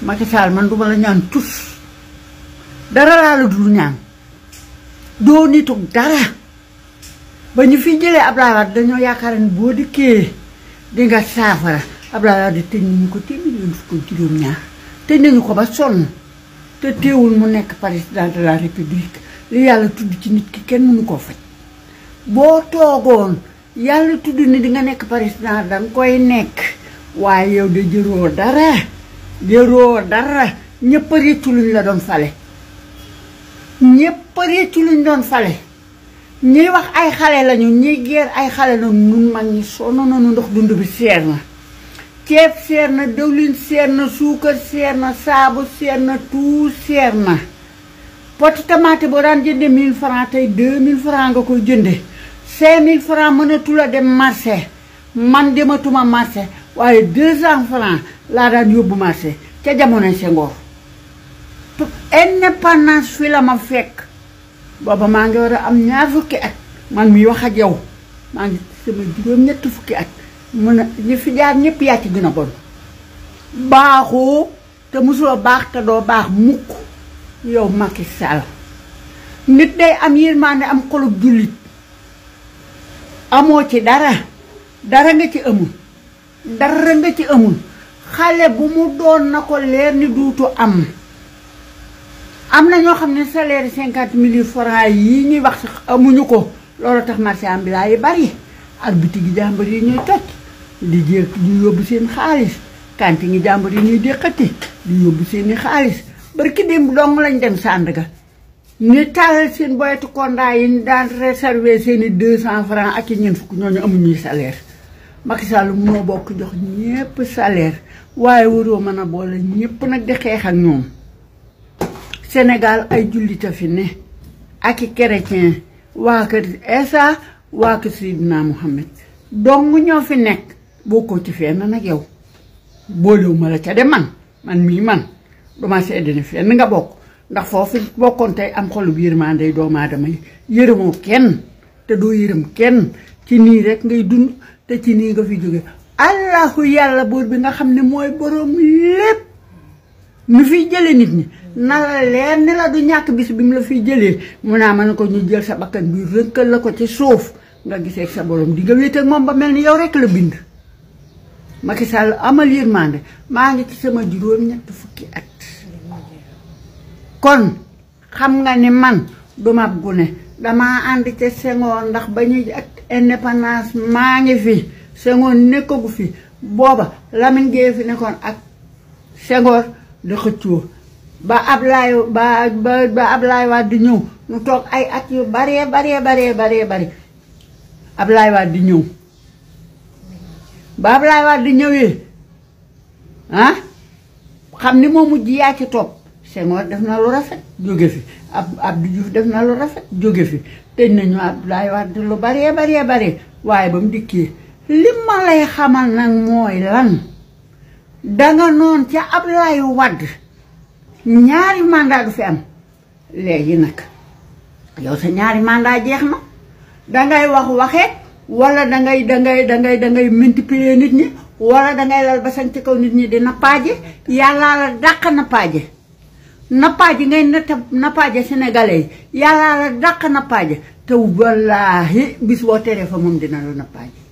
Macky Sall man duma la ñaan tus dara laa la dul ñaan doo nitug dara ba ñu fi jëlee Abdoulaye Wade dañoo yaakaar ni boo dikkee di nga saafara Abdoulaye Wade tëj nañu ko téeméer yoon fukk ak juróom-ñaar tëj nañu ko ba sonn te teewul mu nekk paris de la yàlla tudd ci nit ki kenn mënu koo faj boo toogoon yàlla tudd ni di nga nekk président danga koy nekk waaye yow de jëroo dara yëroo dara ñëpp a réccu luñ la doon fale ñëpp a réccu luñ doon fale ñuy wax ay xale lañu ñuy geer ay xale la nun mag ñi sonn nañu ndox dund bi seer na ceeb seer na dëwlin seer na suukar seer na saabu seer na tout seer na poti tamaate boo daan jënde mille francs tey deux mille francs nga koy jënde cinq mille francs mënatula dem marché man dematuma marché waaye deux cents laa daan yóbbu marché ca jamonoy Senghor indépendance fii la ma fekk booba maa ngi war a am ñaar fukki at man mi wax ak yow maa ngi sama juróom ñetti fukki at mun a fi jaar ñëpp yaa ci gën a bon baaxoo te mosoo baax te doo baax mukk yow Macky Sall nit day am yërmande am xolub jullit amoo ci dara dara nga ci amul dara nga ci amul xale bu mu doon na ko leer ni duutu am am na ñoo xam ne salaire cinquante mille francs yi ñuy wax sax amuñu ko loolu tax marché ambulant yi bari ak bitigi jàmbur yi ñuy toj di jël di yóbbu seen xaalis kanti ngi jàmbur yi ñuy déqati di yóbbu seen i xaalis barki démb dong lañ dem Sandaga ñu tàllal seen boyetu kondaa yi ñu daan réserver seen i deux cent francs ak i ñeent fukk ñooñu amuñuy salaire Macky Sall moo bokk jox ñépp saleer waaye waroo mën a boole ñépp nag di xeex ak ñoom senegal ay jullit a fi ne ak i chrétien waa kër Esa waa kër Sidina Mohamed dong ñoo fi nekk bokkoo ci fenn nag yow boolewuma la ca dem man man mii man duma sedd ne fenn nga bokk ndax foofu bokkoon tey am xolu biir day doomu aadama yi yërëmoo kenn te doo yërëm kenn ci nii rek ngay dund te ci ni nga fi joge allahu yalla buur bi nga xamne moy borom lepp lépp fi jele nit ñi na la leer ni la du ñak bis bi mu la fi jele mu na man ko ñu jël sa bakkan bi rënkal la ko ci suuf nga gisee sa borom di nga wéet ak ba melni yow rek la bind Macky Sall amal yermande ma nga ci sama juroom ñett fukki at kon xam nga ni man duma gune damaa ànd ci sengo ndax bañu ak indépendance maa ngi fi Senghor nekkagu fi booba Lamine Gueye fi nekkoon ak Senghor di xëccoo ba Ablaye ba ba Ablaye Wade di ñëw ñu toog ay at yu baree baree baree baree bari Ablaye Wade di ñëw ba Ablaye Wade di ñëwee ah xam ni moom mujj yaa ci toog Senghor def na lu rafet jóge fi ab Abdou Diouf def na lu rafet jóge fi tëj nañu lay Wade lu baree baree baree waaye ba mu dikkee li ma lay xamal nag mooy lan danga noon ca Abdoulaye Wade ñaari màndaa du fi am léegi nag yow sa ñaari mandat jeex na dangay wax waxeet wala dangay dangay dangay dangay multiplier nit ñi wala dangay lal ba sañ ci kaw nit ñi di nappaaje yàllaa la dàq nappaaje napaji ngay na napaji sénégalais yalla la dàq napaaje te wallahi bis wo teree fa mom dina la napaaje